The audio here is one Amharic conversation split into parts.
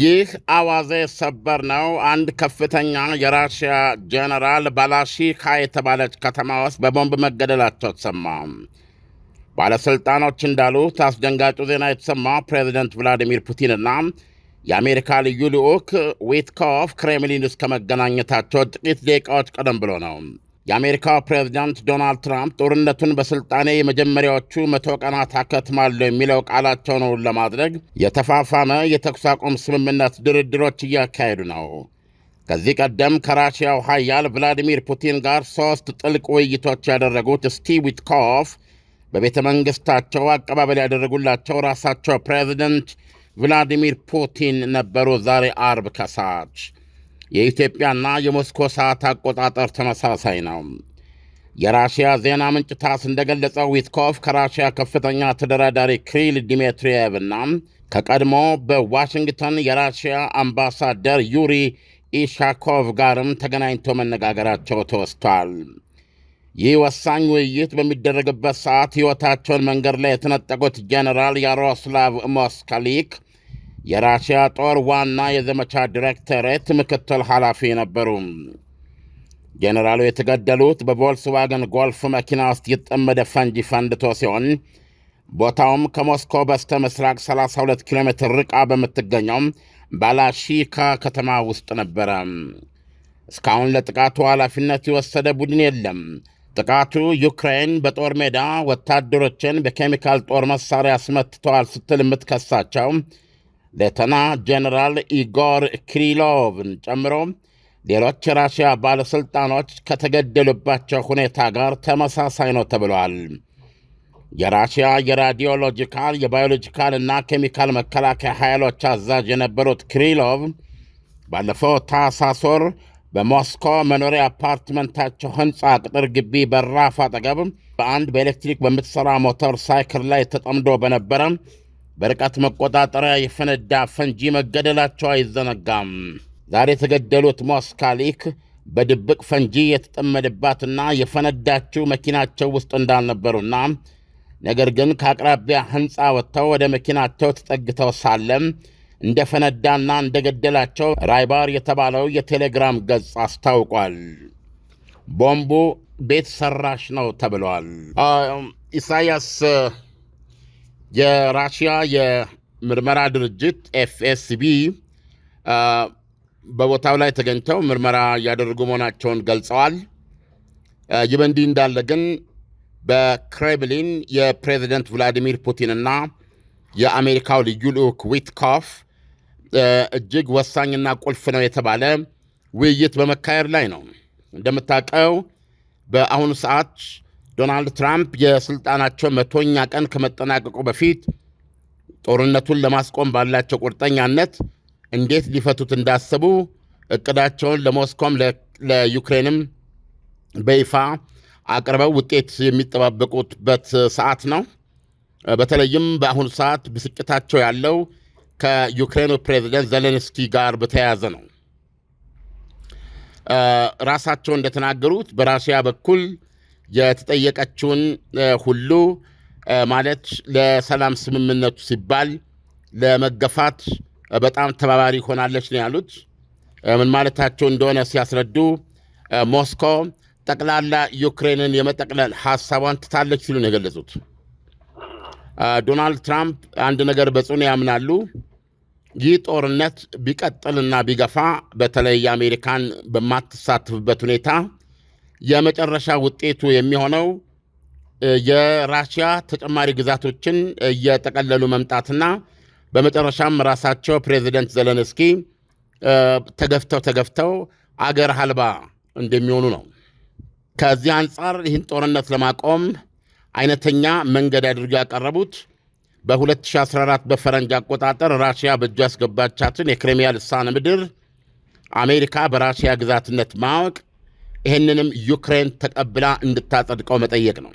ይህ አዋዜ ሰበር ነው። አንድ ከፍተኛ የራሽያ ጀነራል ባላሺካ የተባለች ከተማ ውስጥ በቦምብ መገደላቸው ተሰማ። ባለሥልጣኖች እንዳሉት አስደንጋጩ ዜና የተሰማ ፕሬዚደንት ቭላዲሚር ፑቲንና የአሜሪካ ልዩ ልዑክ ዊትኮፍ ክሬምሊን ውስጥ ከመገናኘታቸው ጥቂት ደቂቃዎች ቀደም ብሎ ነው። የአሜሪካው ፕሬዝዳንት ዶናልድ ትራምፕ ጦርነቱን በሥልጣኔ የመጀመሪያዎቹ መቶ ቀናት አከትማለሁ የሚለው ቃላቸውን እውን ለማድረግ የተፋፋመ የተኩስ አቁም ስምምነት ድርድሮች እያካሄዱ ነው። ከዚህ ቀደም ከራሽያው ኃያል ቭላዲሚር ፑቲን ጋር ሦስት ጥልቅ ውይይቶች ያደረጉት ስቲቭ ዊትኮፍ በቤተ መንግሥታቸው አቀባበል ያደረጉላቸው ራሳቸው ፕሬዚደንት ቭላዲሚር ፑቲን ነበሩ። ዛሬ አርብ ከሳች የኢትዮጵያና የሞስኮ ሰዓት አቆጣጠር ተመሳሳይ ነው። የራሽያ ዜና ምንጭ ታስ እንደገለጸው ዊትኮፍ ከራሽያ ከፍተኛ ተደራዳሪ ክሪል ዲሜትሪየቭ እና ከቀድሞ በዋሽንግተን የራሽያ አምባሳደር ዩሪ ኢሻኮቭ ጋርም ተገናኝቶ መነጋገራቸው ተወስቷል። ይህ ወሳኝ ውይይት በሚደረግበት ሰዓት ሕይወታቸውን መንገድ ላይ የተነጠቁት ጄኔራል ያሮስላቭ ሞስካሊክ የራሽያ ጦር ዋና የዘመቻ ዲሬክተሬት ምክትል ኃላፊ ነበሩ። ጄኔራሉ የተገደሉት በቮልስዋገን ጎልፍ መኪና ውስጥ የተጠመደ ፈንጂ ፈንድቶ ሲሆን ቦታውም ከሞስኮ በስተ ምስራቅ 32 ኪሎ ሜትር ርቃ በምትገኘው ባላሺካ ከተማ ውስጥ ነበረ። እስካሁን ለጥቃቱ ኃላፊነት የወሰደ ቡድን የለም። ጥቃቱ ዩክሬን በጦር ሜዳ ወታደሮችን በኬሚካል ጦር መሣሪያ አስመትተዋል ስትል የምትከሳቸው ሌተና ጀነራል ኢጎር ክሪሎቭን ጨምሮ ሌሎች የራሽያ ባለሥልጣኖች ከተገደሉባቸው ሁኔታ ጋር ተመሳሳይ ነው ተብለዋል። የራሽያ የራዲዮሎጂካል የባዮሎጂካል እና ኬሚካል መከላከያ ኃይሎች አዛዥ የነበሩት ክሪሎቭ ባለፈው ታህሳስ ወር በሞስኮ መኖሪያ አፓርትመንታቸው ሕንፃ ቅጥር ግቢ በራፍ አጠገብ በአንድ በኤሌክትሪክ በምትሠራ ሞተር ሳይክል ላይ ተጠምዶ በነበረ በርቀት መቆጣጠሪያ የፈነዳ ፈንጂ መገደላቸው አይዘነጋም። ዛሬ የተገደሉት ሞስካሊክ በድብቅ ፈንጂ የተጠመደባትና የፈነዳችው መኪናቸው ውስጥ እንዳልነበሩና ነገር ግን ከአቅራቢያ ሕንፃ ወጥተው ወደ መኪናቸው ተጠግተው ሳለም እንደ ፈነዳና እንደ ገደላቸው ራይባር የተባለው የቴሌግራም ገጽ አስታውቋል። ቦምቡ ቤት ሰራሽ ነው ተብሏል። ኢሳያስ የራሽያ የምርመራ ድርጅት ኤፍኤስቢ በቦታው ላይ ተገኝተው ምርመራ እያደረጉ መሆናቸውን ገልጸዋል። ይህ በእንዲህ እንዳለ ግን በክሬምሊን የፕሬዚደንት ቭላዲሚር ፑቲንና የአሜሪካው ልዩ ልዑክ ዊትኮፍ እጅግ ወሳኝና ቁልፍ ነው የተባለ ውይይት በመካሄድ ላይ ነው። እንደምታውቀው በአሁኑ ሰዓት ዶናልድ ትራምፕ የሥልጣናቸው መቶኛ ቀን ከመጠናቀቁ በፊት ጦርነቱን ለማስቆም ባላቸው ቁርጠኛነት እንዴት ሊፈቱት እንዳሰቡ እቅዳቸውን ለሞስኮም ለዩክሬንም በይፋ አቅርበው ውጤት የሚጠባበቁበት ሰዓት ነው። በተለይም በአሁኑ ሰዓት ብስጭታቸው ያለው ከዩክሬኑ ፕሬዚደንት ዘሌንስኪ ጋር በተያያዘ ነው። ራሳቸው እንደተናገሩት በራሽያ በኩል የተጠየቀችውን ሁሉ ማለት ለሰላም ስምምነቱ ሲባል ለመገፋት በጣም ተባባሪ ሆናለች ነው ያሉት። ምን ማለታቸው እንደሆነ ሲያስረዱ ሞስኮ ጠቅላላ ዩክሬንን የመጠቅለል ሀሳቧን ትታለች ሲሉ ነው የገለጹት። ዶናልድ ትራምፕ አንድ ነገር በጽኑ ያምናሉ። ይህ ጦርነት ቢቀጥልና ቢገፋ በተለይ የአሜሪካን በማትሳትፍበት ሁኔታ የመጨረሻ ውጤቱ የሚሆነው የራሽያ ተጨማሪ ግዛቶችን እየጠቀለሉ መምጣትና በመጨረሻም ራሳቸው ፕሬዚደንት ዘለንስኪ ተገፍተው ተገፍተው አገር አልባ እንደሚሆኑ ነው። ከዚህ አንጻር ይህን ጦርነት ለማቆም አይነተኛ መንገድ አድርገው ያቀረቡት በ2014 በፈረንጅ አቆጣጠር ራሽያ በእጁ ያስገባቻትን የክሬሚያ ልሳነ ምድር አሜሪካ በራሽያ ግዛትነት ማወቅ ይህንንም ዩክሬን ተቀብላ እንድታጸድቀው መጠየቅ ነው።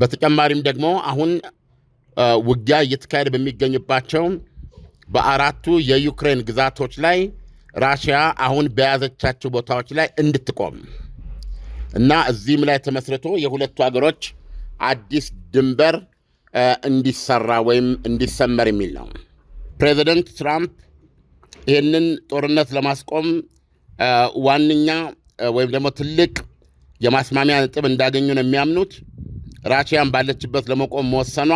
በተጨማሪም ደግሞ አሁን ውጊያ እየተካሄደ በሚገኝባቸው በአራቱ የዩክሬን ግዛቶች ላይ ራሽያ አሁን በያዘቻቸው ቦታዎች ላይ እንድትቆም እና እዚህም ላይ ተመስርቶ የሁለቱ ሀገሮች አዲስ ድንበር እንዲሰራ ወይም እንዲሰመር የሚል ነው። ፕሬዚደንት ትራምፕ ይህንን ጦርነት ለማስቆም ዋነኛ ወይም ደግሞ ትልቅ የማስማሚያ ነጥብ እንዳገኙ ነው የሚያምኑት። ራሽያን ባለችበት ለመቆም መወሰኗ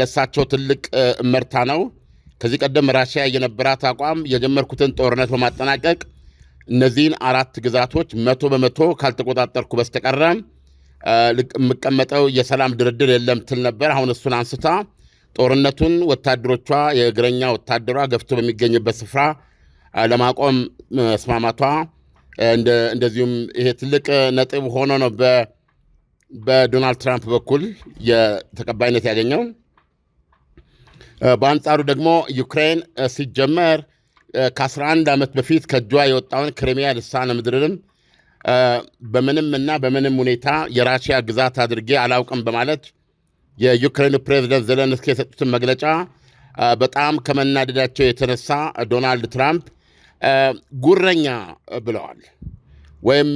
ለሳቸው ትልቅ እመርታ ነው። ከዚህ ቀደም ራሽያ የነበራት አቋም የጀመርኩትን ጦርነት በማጠናቀቅ እነዚህን አራት ግዛቶች መቶ በመቶ ካልተቆጣጠርኩ በስተቀረ የምቀመጠው የሰላም ድርድር የለም ትል ነበር። አሁን እሱን አንስታ ጦርነቱን ወታደሮቿ የእግረኛ ወታደሯ ገፍቶ በሚገኝበት ስፍራ ለማቆም መስማማቷ እንደዚሁም ይሄ ትልቅ ነጥብ ሆኖ ነው በዶናልድ ትራምፕ በኩል ተቀባይነት ያገኘው። በአንጻሩ ደግሞ ዩክሬን ሲጀመር ከ11 ዓመት በፊት ከእጇ የወጣውን ክሪሚያ ልሳነ ምድርንም በምንም እና በምንም ሁኔታ የራሽያ ግዛት አድርጌ አላውቅም በማለት የዩክሬኑ ፕሬዚደንት ዘለንስኪ የሰጡትን መግለጫ በጣም ከመናደዳቸው የተነሳ ዶናልድ ትራምፕ ጉረኛ ብለዋል ወይም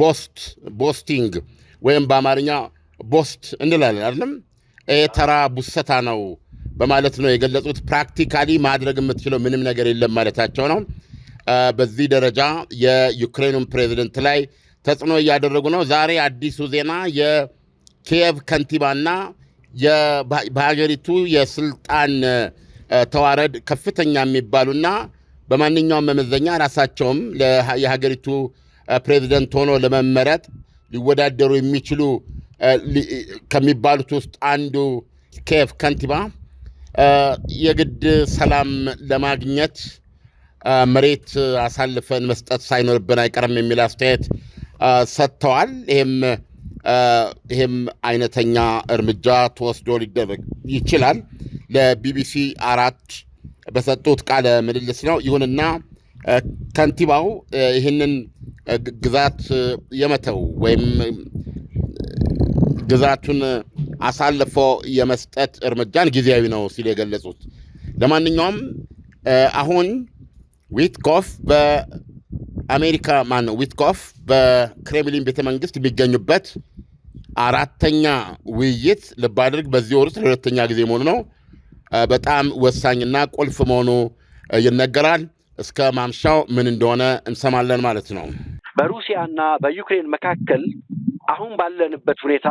ቦስት ቦስቲንግ ወይም በአማርኛ ቦስት እንላለን አይደለም። ተራ ቡሰታ ነው በማለት ነው የገለጹት። ፕራክቲካሊ ማድረግ የምትችለው ምንም ነገር የለም ማለታቸው ነው። በዚህ ደረጃ የዩክሬኑን ፕሬዚደንት ላይ ተጽዕኖ እያደረጉ ነው። ዛሬ አዲሱ ዜና የኪየቭ ከንቲባና በሀገሪቱ የስልጣን ተዋረድ ከፍተኛ የሚባሉና በማንኛውም መመዘኛ ራሳቸውም የሀገሪቱ ፕሬዚደንት ሆኖ ለመመረጥ ሊወዳደሩ የሚችሉ ከሚባሉት ውስጥ አንዱ ኬፍ ከንቲባ የግድ ሰላም ለማግኘት መሬት አሳልፈን መስጠት ሳይኖርብን አይቀርም የሚል አስተያየት ሰጥተዋል። ይህም አይነተኛ እርምጃ ተወስዶ ሊደረግ ይችላል። ለቢቢሲ አራት በሰጡት ቃለ ምልልስ ነው። ይሁንና ከንቲባው ይህንን ግዛት የመተው ወይም ግዛቱን አሳልፎ የመስጠት እርምጃን ጊዜያዊ ነው ሲሉ የገለጹት። ለማንኛውም አሁን ዊትኮፍ በአሜሪካ ማን ዊትኮፍ በክሬምሊን ቤተ መንግስት የሚገኙበት አራተኛ ውይይት ልባድርግ በዚህ ወር ውስጥ ለሁለተኛ ጊዜ መሆኑ ነው። በጣም ወሳኝና ቁልፍ መሆኑ ይነገራል። እስከ ማምሻው ምን እንደሆነ እንሰማለን ማለት ነው። በሩሲያና በዩክሬን መካከል አሁን ባለንበት ሁኔታ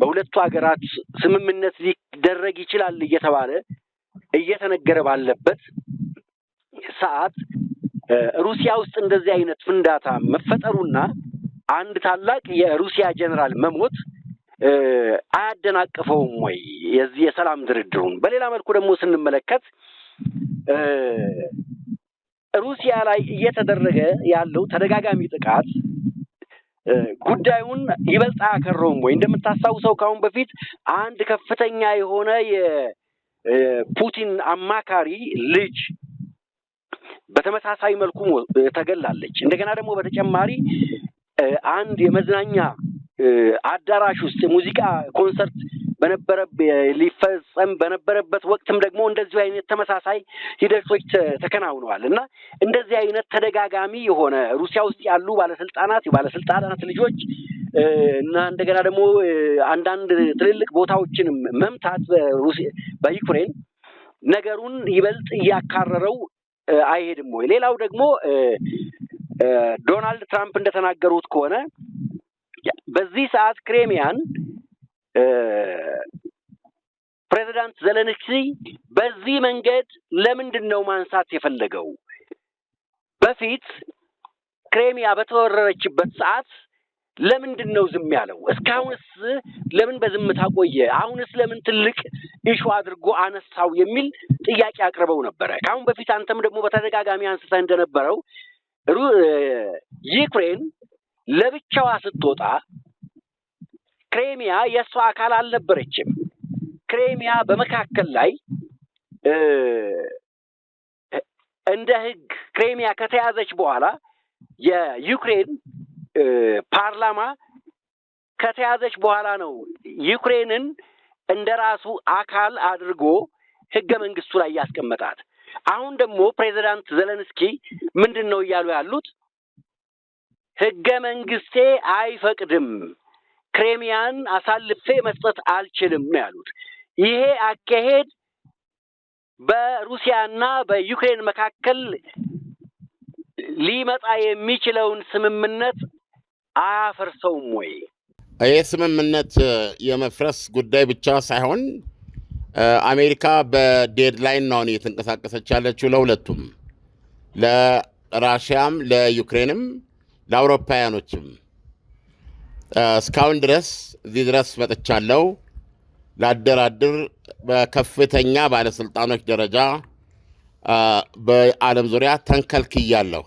በሁለቱ ሀገራት ስምምነት ሊደረግ ይችላል እየተባለ እየተነገረ ባለበት ሰዓት ሩሲያ ውስጥ እንደዚህ አይነት ፍንዳታ መፈጠሩና አንድ ታላቅ የሩሲያ ጀኔራል መሞት አያደናቅፈውም ወይ የዚህ የሰላም ድርድሩን? በሌላ መልኩ ደግሞ ስንመለከት ሩሲያ ላይ እየተደረገ ያለው ተደጋጋሚ ጥቃት ጉዳዩን ይበልጥ አያከረውም ወይ? እንደምታስታውሰው ከአሁን በፊት አንድ ከፍተኛ የሆነ የፑቲን አማካሪ ልጅ በተመሳሳይ መልኩ ተገላለች። እንደገና ደግሞ በተጨማሪ አንድ የመዝናኛ አዳራሽ ውስጥ የሙዚቃ ኮንሰርት በነበረ ሊፈጸም በነበረበት ወቅትም ደግሞ እንደዚሁ አይነት ተመሳሳይ ሂደቶች ተከናውነዋል እና እንደዚህ አይነት ተደጋጋሚ የሆነ ሩሲያ ውስጥ ያሉ ባለስልጣናት የባለስልጣናት ልጆች እና እንደገና ደግሞ አንዳንድ ትልልቅ ቦታዎችንም መምታት በዩክሬን ነገሩን ይበልጥ እያካረረው አይሄድም ወይ? ሌላው ደግሞ ዶናልድ ትራምፕ እንደተናገሩት ከሆነ በዚህ ሰዓት ክሬሚያን ፕሬዚዳንት ዘለንስኪ በዚህ መንገድ ለምንድን ነው ማንሳት የፈለገው? በፊት ክሬሚያ በተወረረችበት ሰዓት ለምንድን ነው ዝም ያለው? እስካሁንስ ለምን በዝምታ ቆየ? አሁንስ ለምን ትልቅ ኢሹ አድርጎ አነሳው? የሚል ጥያቄ አቅርበው ነበረ። ከአሁን በፊት አንተም ደግሞ በተደጋጋሚ አንስተ እንደነበረው ዩክሬን ለብቻዋ ስትወጣ ክሬሚያ የእሷ አካል አልነበረችም። ክሬሚያ በመካከል ላይ እንደ ህግ ክሬሚያ ከተያዘች በኋላ የዩክሬን ፓርላማ ከተያዘች በኋላ ነው ዩክሬንን እንደ ራሱ አካል አድርጎ ህገ መንግስቱ ላይ ያስቀመጣት። አሁን ደግሞ ፕሬዚዳንት ዘለንስኪ ምንድን ነው እያሉ ያሉት? ህገ መንግስቴ አይፈቅድም፣ ክሬሚያን አሳልፌ መስጠት አልችልም ነው ያሉት። ይሄ አካሄድ በሩሲያና በዩክሬን መካከል ሊመጣ የሚችለውን ስምምነት አያፈርሰውም ወይ? ይህ ስምምነት የመፍረስ ጉዳይ ብቻ ሳይሆን አሜሪካ በዴድላይን ነው የተንቀሳቀሰች ያለችው ለሁለቱም ለራሽያም ለዩክሬንም ለአውሮፓውያኖችም እስካሁን ድረስ እዚህ ድረስ መጥቻለሁ። ላደራድር በከፍተኛ ባለስልጣኖች ደረጃ በዓለም ዙሪያ ተንከልክያለሁ።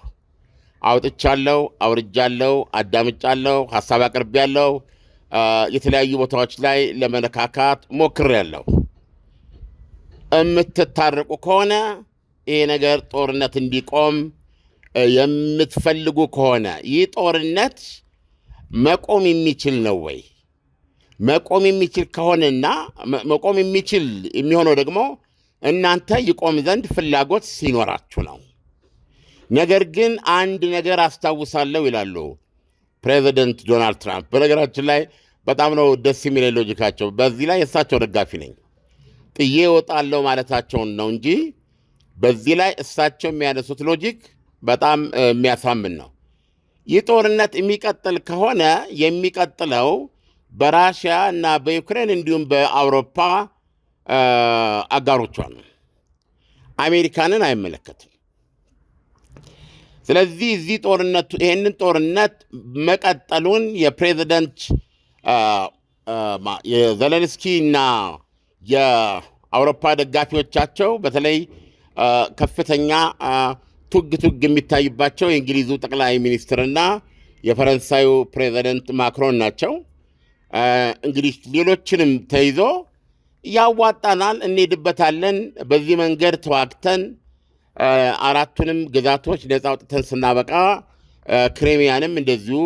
አውጥቻለሁ፣ አውርጃለሁ፣ አዳምጫለሁ፣ ሀሳብ አቅርቤያለሁ። የተለያዩ ቦታዎች ላይ ለመነካካት ሞክሬያለሁ። የምትታረቁ ከሆነ ይሄ ነገር ጦርነት እንዲቆም የምትፈልጉ ከሆነ ይህ ጦርነት መቆም የሚችል ነው ወይ? መቆም የሚችል ከሆነና መቆም የሚችል የሚሆነው ደግሞ እናንተ ይቆም ዘንድ ፍላጎት ሲኖራችሁ ነው። ነገር ግን አንድ ነገር አስታውሳለሁ ይላሉ ፕሬዚደንት ዶናልድ ትራምፕ። በነገራችን ላይ በጣም ነው ደስ የሚለኝ ሎጂካቸው። በዚህ ላይ የእሳቸው ደጋፊ ነኝ። ጥዬ እወጣለሁ ማለታቸውን ነው እንጂ በዚህ ላይ እሳቸው የሚያነሱት ሎጂክ በጣም የሚያሳምን ነው። ይህ ጦርነት የሚቀጥል ከሆነ የሚቀጥለው በራሽያ እና በዩክሬን እንዲሁም በአውሮፓ አጋሮቿ ነው። አሜሪካንን አይመለከትም። ስለዚህ እዚህ ጦርነቱ ይህንን ጦርነት መቀጠሉን የፕሬዚደንት የዘለንስኪ እና የአውሮፓ ደጋፊዎቻቸው በተለይ ከፍተኛ ቱግ ቱግ የሚታይባቸው የእንግሊዙ ጠቅላይ ሚኒስትርና የፈረንሳዩ ፕሬዚደንት ማክሮን ናቸው። እንግዲህ ሌሎችንም ተይዞ ያዋጣናል፣ እንሄድበታለን፣ በዚህ መንገድ ተዋግተን አራቱንም ግዛቶች ነፃ አውጥተን ስናበቃ ክሬሚያንም እንደዚሁ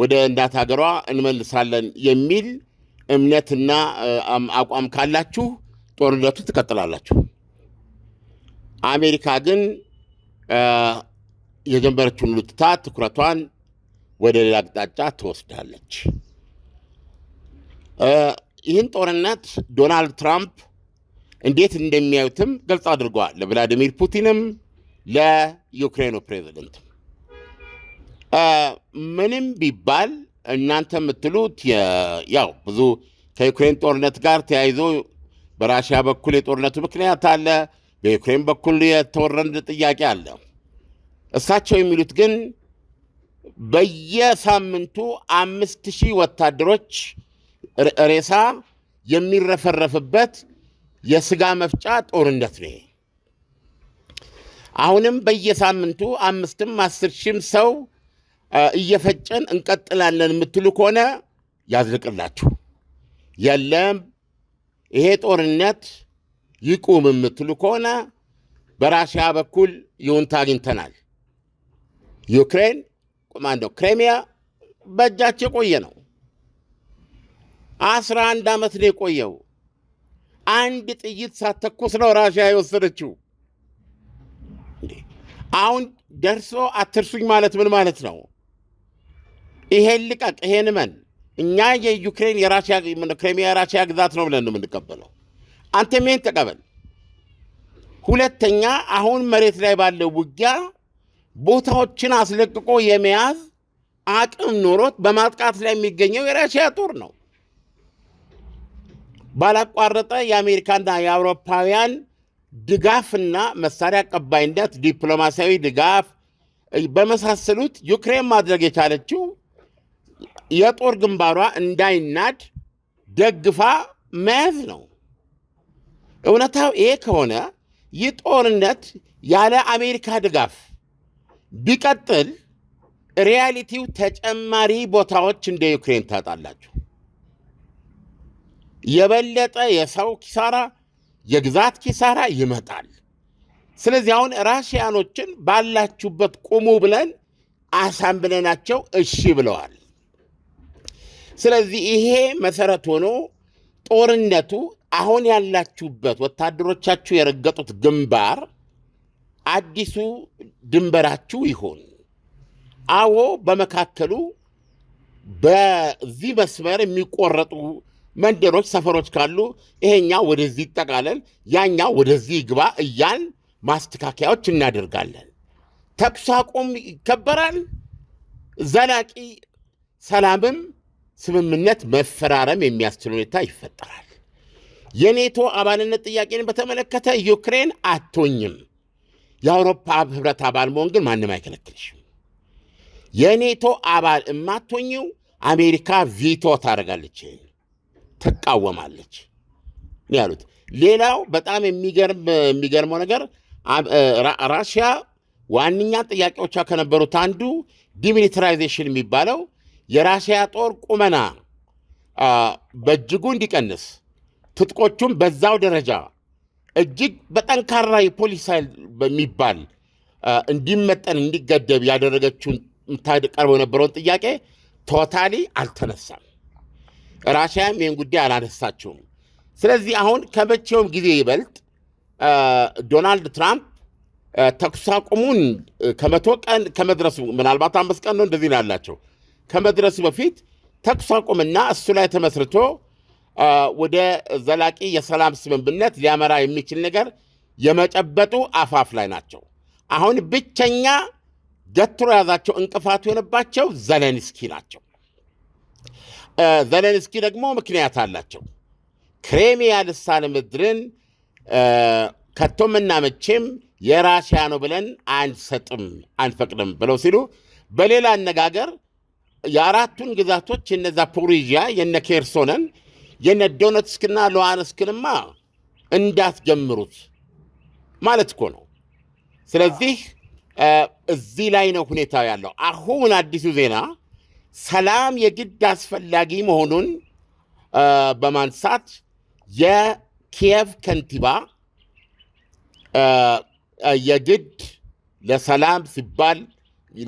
ወደ እናት ሀገሯ እንመልሳለን የሚል እምነትና አቋም ካላችሁ ጦርነቱ ትቀጥላላችሁ። አሜሪካ ግን የጀመረችውን ሁሉ ትኩረቷን ወደ ሌላ አቅጣጫ ትወስዳለች። ይህን ጦርነት ዶናልድ ትራምፕ እንዴት እንደሚያዩትም ግልጽ አድርገዋል። ለቭላዲሚር ፑቲንም ለዩክሬኑ ፕሬዚደንትም ምንም ቢባል እናንተ የምትሉት ያው ብዙ ከዩክሬን ጦርነት ጋር ተያይዞ በራሽያ በኩል የጦርነቱ ምክንያት አለ የዩክሬን በኩል የተወረደ ጥያቄ አለ። እሳቸው የሚሉት ግን በየሳምንቱ አምስት ሺህ ወታደሮች ሬሳ የሚረፈረፍበት የስጋ መፍጫ ጦርነት ነው። አሁንም በየሳምንቱ አምስትም አስር ሺህም ሰው እየፈጨን እንቀጥላለን የምትሉ ከሆነ ያዝልቅላችሁ። የለም ይሄ ጦርነት ይቁም የምትሉ ከሆነ በራሽያ በኩል ይሁንታ አግኝተናል። ዩክሬን ማን ክሬሚያ በእጃቸው የቆየ ነው። አስራ አንድ ዓመት ነው የቆየው። አንድ ጥይት ሳተኩስ ነው ራሽያ የወሰደችው። አሁን ደርሶ አትርሱኝ ማለት ምን ማለት ነው? ይሄን ልቀቅ፣ ይሄን መን እኛ የዩክሬን የራሽያ ክሬሚያ የራሽያ ግዛት ነው ብለን ነው የምንቀበለው። አንተ ሜን ተቀበል። ሁለተኛ አሁን መሬት ላይ ባለው ውጊያ ቦታዎችን አስለቅቆ የመያዝ አቅም ኖሮት በማጥቃት ላይ የሚገኘው የራሽያ ጦር ነው። ባላቋረጠ የአሜሪካና የአውሮፓውያን ድጋፍና መሳሪያ አቀባይነት፣ ዲፕሎማሲያዊ ድጋፍ በመሳሰሉት ዩክሬን ማድረግ የቻለችው የጦር ግንባሯ እንዳይናድ ደግፋ መያዝ ነው። እውነታው ይሄ ከሆነ ይህ ጦርነት ያለ አሜሪካ ድጋፍ ቢቀጥል ሪያሊቲው ተጨማሪ ቦታዎች እንደ ዩክሬን ታጣላቸው የበለጠ የሰው ኪሳራ፣ የግዛት ኪሳራ ይመጣል። ስለዚህ አሁን ራሽያኖችን ባላችሁበት ቁሙ ብለን አሳምነናቸው እሺ ብለዋል። ስለዚህ ይሄ መሰረት ሆኖ ጦርነቱ አሁን ያላችሁበት ወታደሮቻችሁ የረገጡት ግንባር አዲሱ ድንበራችሁ ይሁን። አዎ፣ በመካከሉ በዚህ መስመር የሚቆረጡ መንደሮች፣ ሰፈሮች ካሉ ይሄኛ ወደዚህ ይጠቃለል፣ ያኛ ወደዚህ ይግባ እያል ማስተካከያዎች እናደርጋለን። ተኩስ አቁም ይከበራል። ዘላቂ ሰላምም ስምምነት መፈራረም የሚያስችል ሁኔታ ይፈጠራል። የኔቶ አባልነት ጥያቄን በተመለከተ ዩክሬን አቶኝም የአውሮፓ ህብረት አባል መሆን ግን ማንም አይከለክልሽም። የኔቶ አባል የማቶኝው አሜሪካ ቪቶ ታደርጋለች፣ ትቃወማለች ነው ያሉት። ሌላው በጣም የሚገርመው ነገር ራሽያ ዋነኛ ጥያቄዎቿ ከነበሩት አንዱ ዲሚሊታራይዜሽን የሚባለው የራሽያ ጦር ቁመና በእጅጉ እንዲቀንስ ትጥቆቹም በዛው ደረጃ እጅግ በጠንካራ የፖሊስ ኃይል በሚባል እንዲመጠን እንዲገደብ ያደረገችውን ቀርቦ የነበረውን ጥያቄ ቶታሊ አልተነሳም። ራሽያም ይህን ጉዳይ አላነሳችውም። ስለዚህ አሁን ከመቼውም ጊዜ ይበልጥ ዶናልድ ትራምፕ ተኩስ አቁሙን ከመቶ ቀን ከመድረሱ ምናልባት አምስት ቀን ነው እንደዚህ ነው ያላቸው ከመድረሱ በፊት ተኩስ አቁምና እሱ ላይ ተመስርቶ ወደ ዘላቂ የሰላም ስምምነት ሊያመራ የሚችል ነገር የመጨበጡ አፋፍ ላይ ናቸው። አሁን ብቸኛ ገትሮ የያዛቸው እንቅፋቱ የሆነባቸው ዘለንስኪ ናቸው። ዘለንስኪ ደግሞ ምክንያት አላቸው። ክሬሚያ ልሳነ ምድርን ከቶምና መቼም የራሽያ ነው ብለን አንሰጥም፣ አንፈቅድም ብለው ሲሉ፣ በሌላ አነጋገር የአራቱን ግዛቶች የነዛ ፖሪዥያ የነ ኬርሶነን የነ ዶነትስክና ሉሃንስክንማ እንዳትጀምሩት ማለት እኮ ነው። ስለዚህ እዚህ ላይ ነው ሁኔታው ያለው። አሁን አዲሱ ዜና ሰላም የግድ አስፈላጊ መሆኑን በማንሳት የኪየቭ ከንቲባ የግድ ለሰላም ሲባል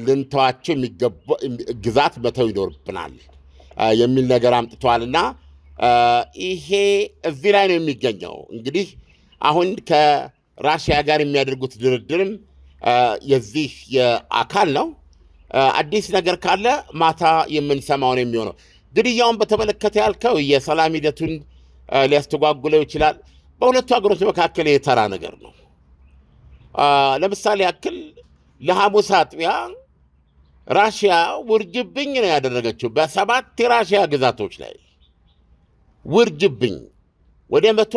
ልንተዋቸው ግዛት መተው ይኖርብናል የሚል ነገር አምጥተዋልና ይሄ እዚህ ላይ ነው የሚገኘው። እንግዲህ አሁን ከራሽያ ጋር የሚያደርጉት ድርድርም የዚህ አካል ነው። አዲስ ነገር ካለ ማታ የምንሰማው ነው የሚሆነው። ግድያውን በተመለከተ ያልከው የሰላም ሂደቱን ሊያስተጓጉለው ይችላል። በሁለቱ ሀገሮች መካከል የተራ ነገር ነው። ለምሳሌ ያክል ለሐሙስ አጥቢያ ራሽያ ውርጅብኝ ነው ያደረገችው በሰባት የራሽያ ግዛቶች ላይ ውርጅብኝ ወደ መቶ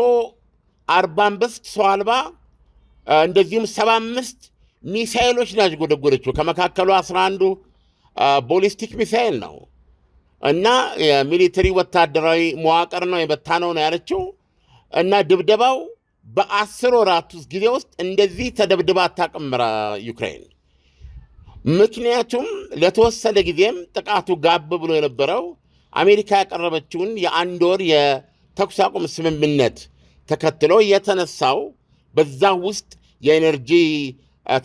አርባ አምስት ሰው አልባ እንደዚሁም ሰባ አምስት ሚሳይሎች ናች ጎደጎደችው። ከመካከሉ አስራ አንዱ ቦሊስቲክ ሚሳይል ነው እና የሚሊተሪ ወታደራዊ መዋቅር ነው የመታነው ነው ያለችው። እና ድብደባው በአስር ወራት ውስጥ ጊዜ ውስጥ እንደዚህ ተደብድባ አታቅምራ ዩክሬን። ምክንያቱም ለተወሰነ ጊዜም ጥቃቱ ጋብ ብሎ የነበረው አሜሪካ ያቀረበችውን የአንድ ወር የተኩስ አቁም ስምምነት ተከትሎ የተነሳው በዛ ውስጥ የኤነርጂ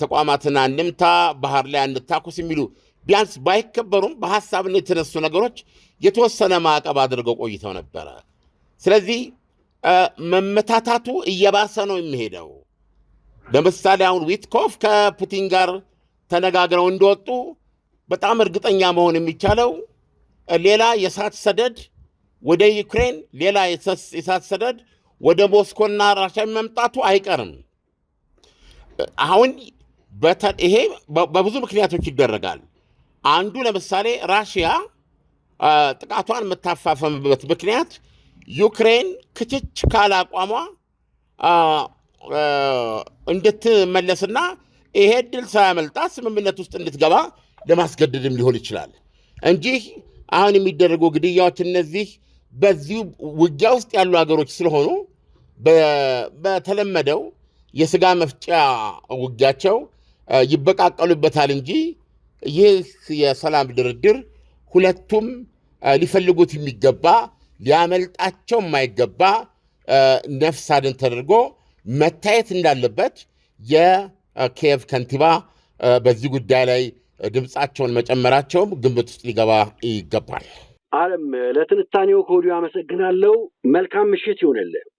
ተቋማትን አንምታ፣ ባህር ላይ አንታኩስ የሚሉ ቢያንስ ባይከበሩም በሀሳብነት የተነሱ ነገሮች የተወሰነ ማዕቀብ አድርገው ቆይተው ነበረ። ስለዚህ መመታታቱ እየባሰ ነው የሚሄደው። ለምሳሌ አሁን ዊትኮፍ ከፑቲን ጋር ተነጋግረው እንደወጡ በጣም እርግጠኛ መሆን የሚቻለው ሌላ የእሳት ሰደድ ወደ ዩክሬን ሌላ የእሳት ሰደድ ወደ ሞስኮና ራሻ መምጣቱ አይቀርም። አሁን ይሄ በብዙ ምክንያቶች ይደረጋል። አንዱ ለምሳሌ ራሽያ ጥቃቷን የምታፋፈምበት ምክንያት ዩክሬን ክችች ካለ አቋሟ እንድትመለስና ይሄ ድል ሳያመልጣት ስምምነት ውስጥ እንድትገባ ለማስገደድም ሊሆን ይችላል እንጂ አሁን የሚደረጉ ግድያዎች እነዚህ በዚሁ ውጊያ ውስጥ ያሉ ሀገሮች ስለሆኑ በተለመደው የስጋ መፍጫ ውጊያቸው ይበቃቀሉበታል እንጂ ይህ የሰላም ድርድር ሁለቱም ሊፈልጉት የሚገባ ሊያመልጣቸው የማይገባ ነፍስ አድን ተደርጎ መታየት እንዳለበት የኪየቭ ከንቲባ በዚህ ጉዳይ ላይ ድምፃቸውን መጨመራቸውም ግምት ውስጥ ሊገባ ይገባል። አለም ለትንታኔው ከወዲሁ አመሰግናለሁ። መልካም ምሽት ይሆንልን።